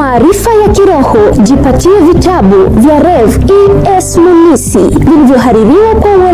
maarifa ya kiroho jipatie vitabu vya Rev E S Munisi vilivyohaririwa kwa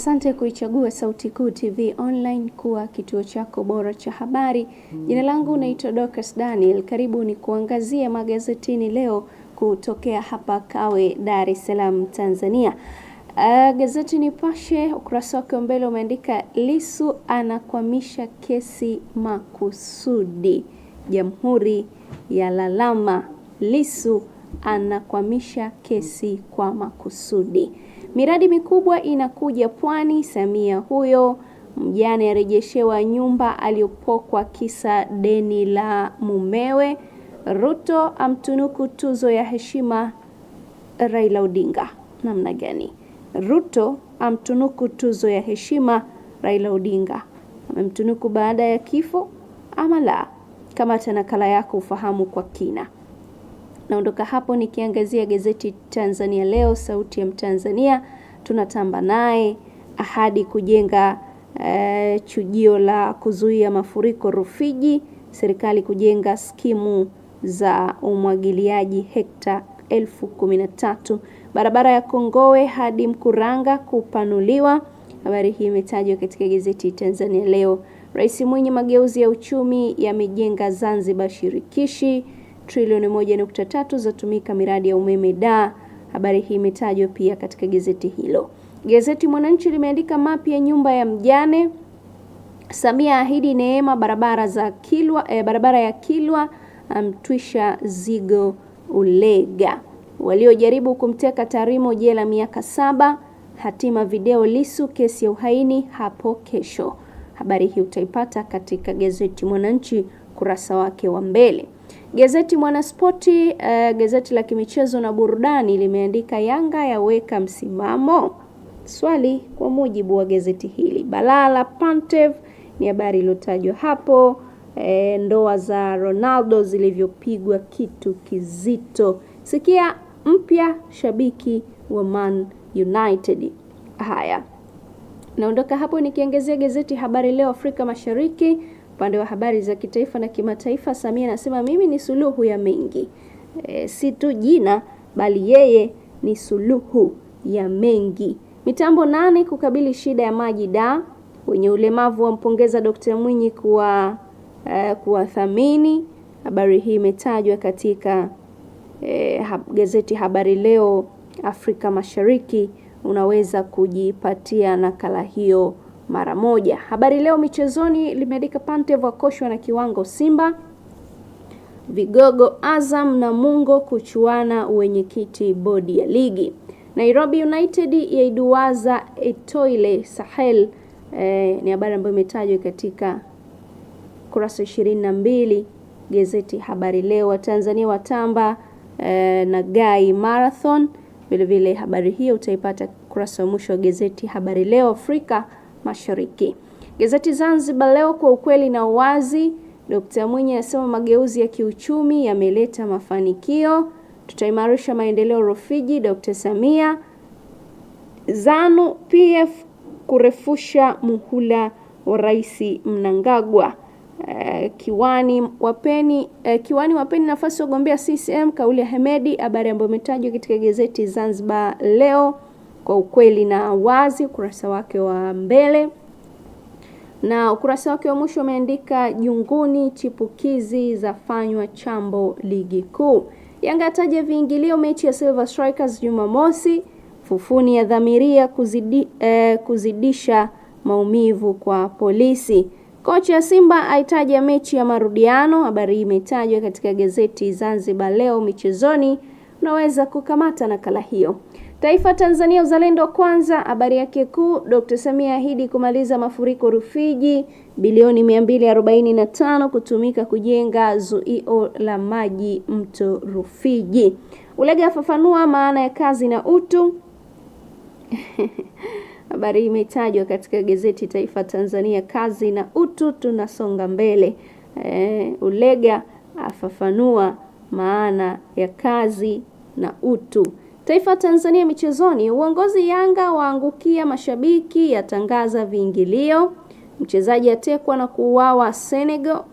Asante kuichagua Sauti Kuu TV Online kuwa kituo chako bora cha habari. Jina langu naitwa Dorcas Daniel. Karibu ni kuangazia magazetini leo kutokea hapa Kawe, Dar es Salaam, Tanzania. Uh, gazeti Nipashe ukurasa wake wa mbele umeandika Lisu anakwamisha kesi makusudi. Jamhuri ya lalama Lisu anakwamisha kesi kwa makusudi. Miradi mikubwa inakuja pwani, Samia huyo. Mjane arejeshewa nyumba aliyopokwa kisa deni la mumewe. Ruto amtunuku tuzo ya heshima Raila Odinga. Namna gani? Ruto amtunuku tuzo ya heshima Raila Odinga. Amemtunuku baada ya kifo ama la? Kamata nakala yako ufahamu kwa kina. Naondoka hapo nikiangazia gazeti Tanzania Leo, sauti ya Mtanzania. Tunatamba naye ahadi kujenga eh, chujio la kuzuia mafuriko Rufiji, serikali kujenga skimu za umwagiliaji hekta elfu kumi na tatu. Barabara ya Kongowe hadi Mkuranga kupanuliwa. Habari hii imetajwa katika gazeti Tanzania Leo. Rais Mwinyi, mageuzi ya uchumi yamejenga Zanzibar shirikishi trilioni 1.3 zatumika miradi ya umeme da. Habari hii imetajwa pia katika gazeti hilo. Gazeti Mwananchi limeandika mapya nyumba ya mjane, Samia ahidi neema barabara za Kilwa, eh, barabara ya Kilwa amtwisha um, zigo Ulega. Waliojaribu kumteka Tarimo jela miaka saba, hatima video Lisu kesi ya uhaini hapo kesho. Habari hii utaipata katika gazeti Mwananchi kurasa wake wa mbele. Gazeti Mwanaspoti uh, gazeti la kimichezo na burudani limeandika Yanga yaweka msimamo swali kwa mujibu wa gazeti hili. Balala Pantev ni habari iliyotajwa hapo. E, ndoa za Ronaldo zilivyopigwa kitu kizito. Sikia mpya shabiki wa Man United. Haya, Naondoka hapo nikiangazia gazeti Habari Leo Afrika Mashariki, upande wa habari za kitaifa na kimataifa. Samia anasema mimi ni suluhu ya mengi. E, si tu jina bali yeye ni suluhu ya mengi. Mitambo nane kukabili shida ya maji da wenye ulemavu wampongeza Dkt. Mwinyi kuwa uh, kuwathamini. Habari hii imetajwa katika eh, gazeti Habari Leo Afrika Mashariki unaweza kujipatia nakala hiyo mara moja. Habari Leo michezoni limeandika Pantev akoshwa na kiwango Simba, vigogo Azam na Mungo kuchuana wenyekiti bodi ya ligi, Nairobi United yaiduaza Etoile Sahel. Eh, ni habari ambayo imetajwa katika kurasa 22 gazeti Habari Leo. Watanzania watamba eh, na Gai Marathon Vilevile habari hiyo utaipata ukurasa wa mwisho wa gazeti Habari Leo Afrika Mashariki. Gazeti Zanzibar Leo, kwa ukweli na uwazi. Dkt. Mwinyi anasema mageuzi ya kiuchumi yameleta mafanikio. Tutaimarisha maendeleo Rufiji. Dkt. Samia ZANU PF kurefusha muhula wa Rais Mnangagwa. Eh, Kiwani wapeni eh, Kiwani wapeni nafasi wagombea CCM, kauli ya Hemedi, habari ambayo imetajwa katika gazeti Zanzibar leo kwa ukweli na wazi, ukurasa wake wa mbele na ukurasa wake wa mwisho umeandika junguni chipukizi za fanywa chambo ligi kuu. Yanga ataja viingilio mechi ya Silver Strikers Jumamosi. Fufuni ya dhamiria kuzidi, eh, kuzidisha maumivu kwa polisi. Kocha ya Simba aitaja mechi ya marudiano. Habari hii imetajwa katika gazeti Zanzibar Leo michezoni, unaweza kukamata nakala hiyo. Taifa Tanzania Uzalendo Kwanza, habari yake kuu, Dr. Samia ahidi kumaliza mafuriko Rufiji, bilioni 245 kutumika kujenga zuio la maji mto Rufiji. Ulega afafanua maana ya kazi na utu Habari imetajwa katika gazeti Taifa Tanzania, kazi na utu tunasonga mbele. E, Ulega afafanua maana ya kazi na utu. Taifa Tanzania michezoni, uongozi Yanga waangukia mashabiki, yatangaza viingilio. Mchezaji atekwa na kuuawa Senegal.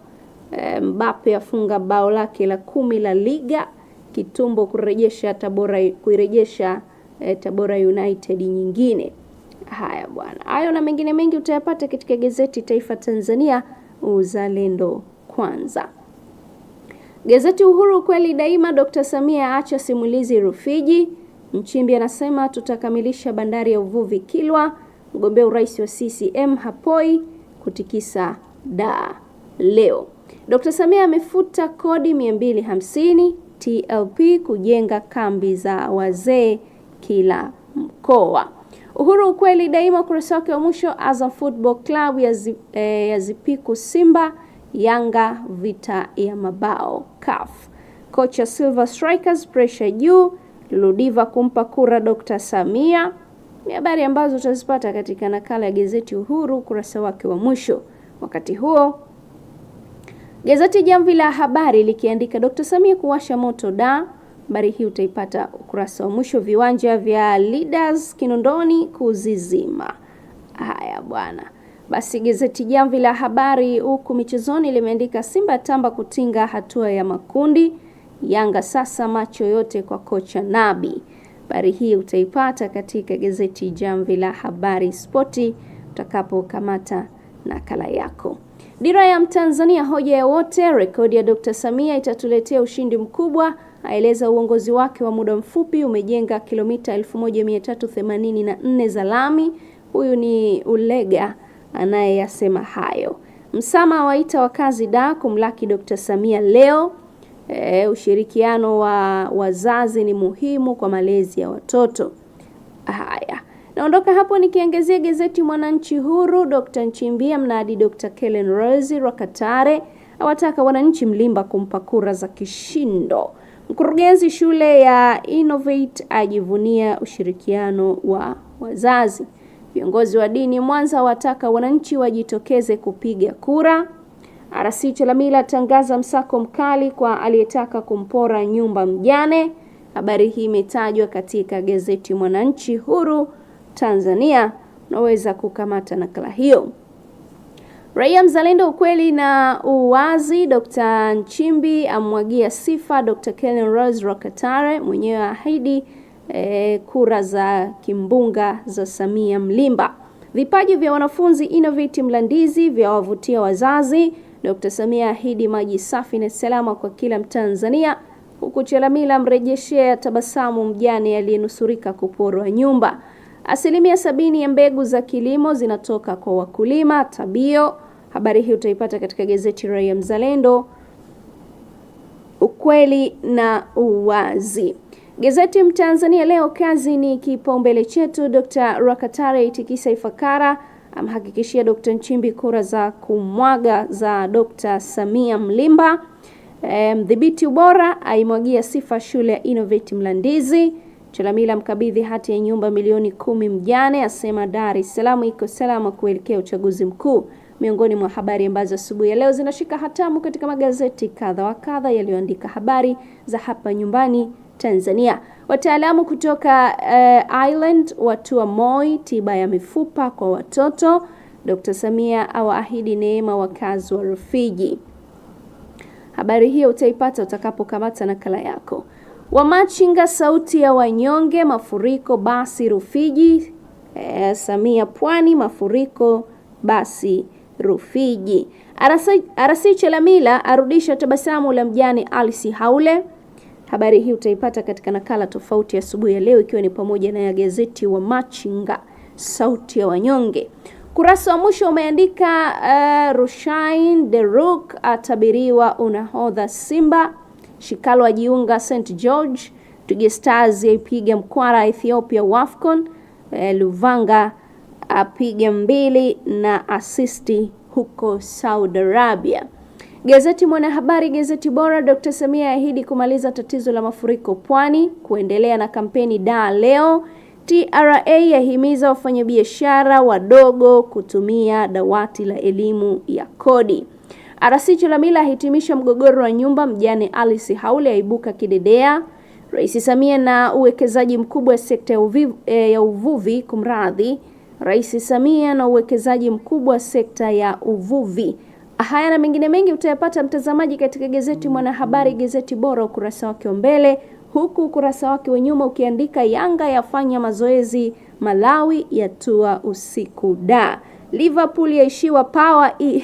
E, Mbappe afunga bao lake la kumi la Liga. Kitumbo kurejesha Tabora kuirejesha e, Tabora United nyingine Haya bwana, hayo na mengine mengi utayapata katika gazeti Taifa Tanzania, uzalendo kwanza. Gazeti Uhuru, kweli daima. Dr. Samia acha simulizi Rufiji. Mchimbi anasema tutakamilisha bandari ya uvuvi Kilwa. Mgombea urais wa CCM hapoi kutikisa da leo. Dr. Samia amefuta kodi 250 TLP kujenga kambi za wazee kila mkoa. Uhuru ukweli daima, ukurasa wake wa mwisho. Azam Football Club ya, zi, eh, ya zipiku Simba Yanga vita ya mabao CAF. Kocha Silver Strikers pressure juu. Ludiva kumpa kura Dr. Samia. Ni habari ambazo utazipata katika nakala ya gazeti Uhuru ukurasa wake wa mwisho. Wakati huo gazeti Jamvi la Habari likiandika Dr. Samia kuwasha moto da habari hii utaipata ukurasa wa mwisho. Viwanja vya Leaders Kinondoni kuzizima. Haya bwana. Basi gazeti Jamvi la Habari huku michezoni limeandika Simba tamba kutinga hatua ya makundi, Yanga sasa macho yote kwa kocha Nabi. Habari hii utaipata katika gazeti Jamvi la Habari Spoti utakapokamata nakala yako. Dira ya Mtanzania hoja ya wote, rekodi ya Dr. Samia itatuletea ushindi mkubwa, aeleza uongozi wake wa muda mfupi umejenga kilomita 1384 za lami. Huyu ni Ulega anayeyasema hayo. Msama waita wakazi da kumlaki Dr. Samia leo. E, ushirikiano wa wazazi ni muhimu kwa malezi ya watoto. Haya. Naondoka hapo nikiangazia gazeti Mwananchi Huru. Dr Nchimbia mnadi Dr Kellen Rose Rwakatare awataka wananchi Mlimba kumpa kura za kishindo. Mkurugenzi shule ya Innovate ajivunia ushirikiano wa wazazi. Viongozi wa dini Mwanza wataka wananchi wajitokeze kupiga kura. RC Chalamila tangaza msako mkali kwa aliyetaka kumpora nyumba mjane. Habari hii imetajwa katika gazeti Mwananchi Huru Tanzania, unaweza kukamata nakala hiyo. Raia Mzalendo, ukweli na uwazi. Dr. Nchimbi amwagia sifa Dr. Kellen Rose Rokatare, mwenyewe ahidi eh, kura za kimbunga za Samia Mlimba. Vipaji vya wanafunzi Innovate Mlandizi vya wavutia wazazi. Dr. Samia ahidi maji safi na salama kwa kila Mtanzania, huku Chalamila mrejeshea tabasamu mjane aliyenusurika kuporwa nyumba. Asilimia sabini ya mbegu za kilimo zinatoka kwa wakulima Tabio. Habari hii utaipata katika gazeti Raia Mzalendo, ukweli na uwazi. Gazeti Mtanzania leo, kazi ni kipaumbele chetu. Dr. Rakatare itikisa Ifakara, amhakikishia Dr. Nchimbi kura za kumwaga za Dr. Samia Mlimba. Mdhibiti ubora aimwagia sifa shule ya Innovate Mlandizi. Chalamila mkabidhi hati ya nyumba milioni kumi mjane, asema Dar es Salaam iko salama kuelekea uchaguzi mkuu. Miongoni mwa habari ambazo asubuhi ya leo zinashika hatamu katika magazeti kadha wa kadha yaliyoandika habari za hapa nyumbani Tanzania. Wataalamu kutoka uh, Ireland watua Moi tiba ya mifupa kwa watoto. Dr. Samia awaahidi neema wakazi wa Rufiji. Habari hiyo utaipata utakapokamata nakala yako. Wamachinga sauti ya wanyonge, mafuriko basi Rufiji. E, Samia Pwani, mafuriko basi Rufiji. Arasi Chalamila arudisha tabasamu la mjane Alisi Haule. Habari hii utaipata katika nakala tofauti asubuhi ya, ya leo ikiwa ni pamoja na ya gazeti machinga sauti ya wanyonge. Kurasa wa mwisho umeandika uh, Rushain Deruk atabiriwa unahodha Simba. Shikalo ajiunga St George, Twiga Stars yaipiga mkwara Ethiopia Wafcon, E, Luvanga apiga mbili na asisti huko Saudi Arabia. Gazeti Mwanahabari, gazeti bora. Dkt Samia ahidi kumaliza tatizo la mafuriko Pwani, kuendelea na kampeni daa leo. TRA yahimiza wafanyabiashara wadogo kutumia dawati la elimu ya kodi. RC Chalamila ahitimisha mgogoro wa nyumba, mjane Alice Haule aibuka kidedea. Rais Samia na uwekezaji mkubwa wa sekta ya, uvivu, eh, ya uvuvi kumradhi. Rais Samia na uwekezaji mkubwa wa sekta ya uvuvi. Haya na mengine mengi utayapata mtazamaji, katika gazeti Mwanahabari, gazeti bora, ukurasa wake wa mbele, huku ukurasa wake wa nyuma ukiandika Yanga yafanya mazoezi Malawi, yatua usiku da, Liverpool yaishiwa power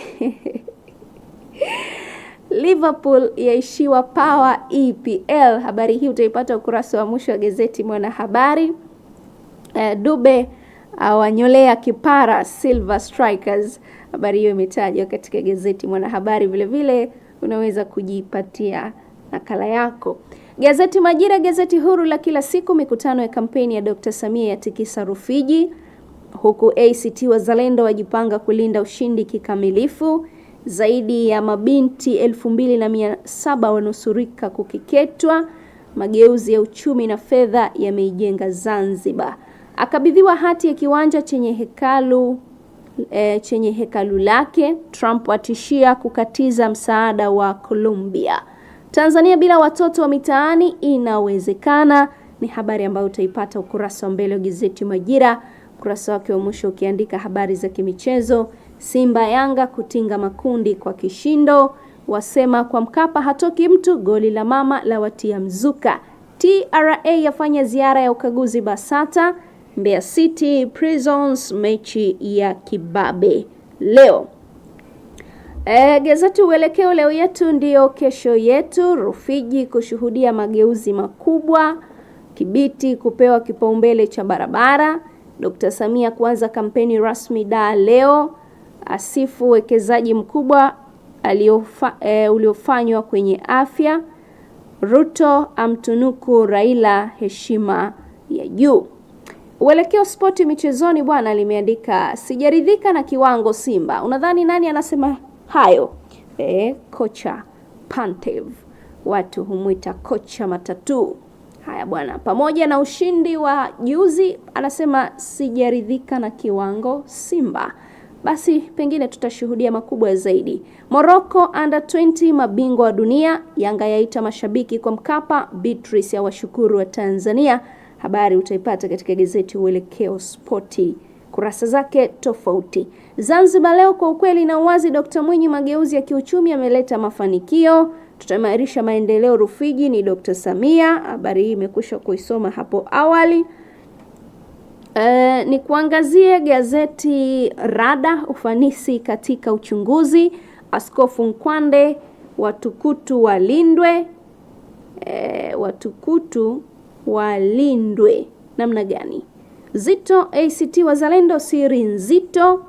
Liverpool yaishiwa power EPL. Habari hii utaipata ukurasa wa mwisho wa gazeti Mwanahabari. Uh, Dube awanyolea ah, kipara Silver Strikers. Habari hiyo imetajwa katika gazeti Mwanahabari, vilevile unaweza kujipatia nakala yako. Gazeti Majira, gazeti huru la kila siku. Mikutano ya kampeni ya Dr. Samia yatikisa Rufiji, huku ACT Wazalendo wajipanga kulinda ushindi kikamilifu. Zaidi ya mabinti elfu mbili na mia saba wanusurika kukeketwa. Mageuzi ya uchumi na fedha yameijenga Zanzibar. Akabidhiwa hati ya kiwanja chenye hekalu e, chenye hekalu lake. Trump atishia kukatiza msaada wa Colombia. Tanzania bila watoto wa mitaani inawezekana, ni habari ambayo utaipata ukurasa wa mbele wa gazeti Majira, ukurasa wake wa mwisho ukiandika habari za kimichezo. Simba Yanga kutinga makundi kwa kishindo, wasema kwa Mkapa hatoki mtu, goli la mama la watia mzuka. TRA yafanya ziara ya ukaguzi BASATA. Mbeya City Prisons mechi ya kibabe leo. E, gazeti Uelekeo, leo yetu ndiyo kesho yetu. Rufiji kushuhudia mageuzi makubwa, Kibiti kupewa kipaumbele cha barabara, Dr. Samia kuanza kampeni rasmi daa leo asifu uwekezaji mkubwa aliofa, e, uliofanywa kwenye afya. Ruto amtunuku Raila heshima ya juu. Uelekeo spoti michezoni bwana limeandika sijaridhika na kiwango Simba. Unadhani nani anasema hayo? E, kocha Pantev, watu humwita kocha matatu. Haya bwana, pamoja na ushindi wa juzi, anasema sijaridhika na kiwango Simba basi pengine tutashuhudia makubwa zaidi. Morocco under 20 mabingwa wa dunia. Yanga yaita mashabiki kwa Mkapa. Beatrice ya washukuru wa Tanzania. Habari utaipata katika gazeti Uelekeo Spoti kurasa zake tofauti. Zanzibar Leo, kwa ukweli na uwazi. Dkt Mwinyi, mageuzi ya kiuchumi yameleta mafanikio, tutaimarisha maendeleo. Rufiji ni Dkt Samia. Habari hii imekwisha kuisoma hapo awali. E, ni kuangazie gazeti Rada, ufanisi katika uchunguzi, Askofu Nkwande, watukutu walindwe. E, watukutu walindwe namna gani? Zito ACT Wazalendo, siri nzito.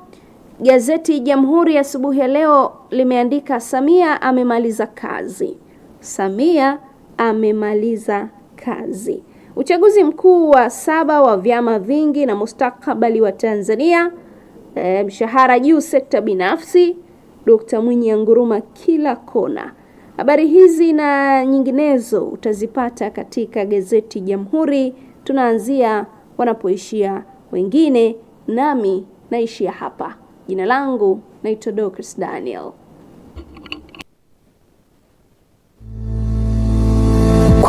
Gazeti Jamhuri asubuhi ya leo limeandika Samia amemaliza kazi, Samia amemaliza kazi. Uchaguzi mkuu wa saba wa vyama vingi na mustakabali wa Tanzania. E, mshahara juu sekta binafsi. Dkt. Mwinyi anguruma kila kona. Habari hizi na nyinginezo utazipata katika gazeti Jamhuri. Tunaanzia wanapoishia wengine, nami naishia hapa. Jina langu naitwa Dorcas Daniel.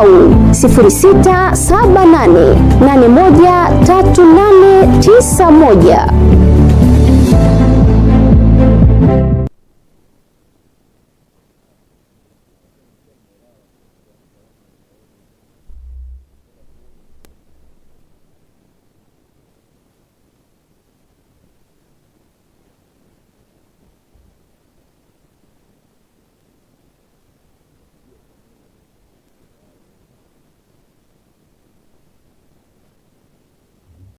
au 0678813891.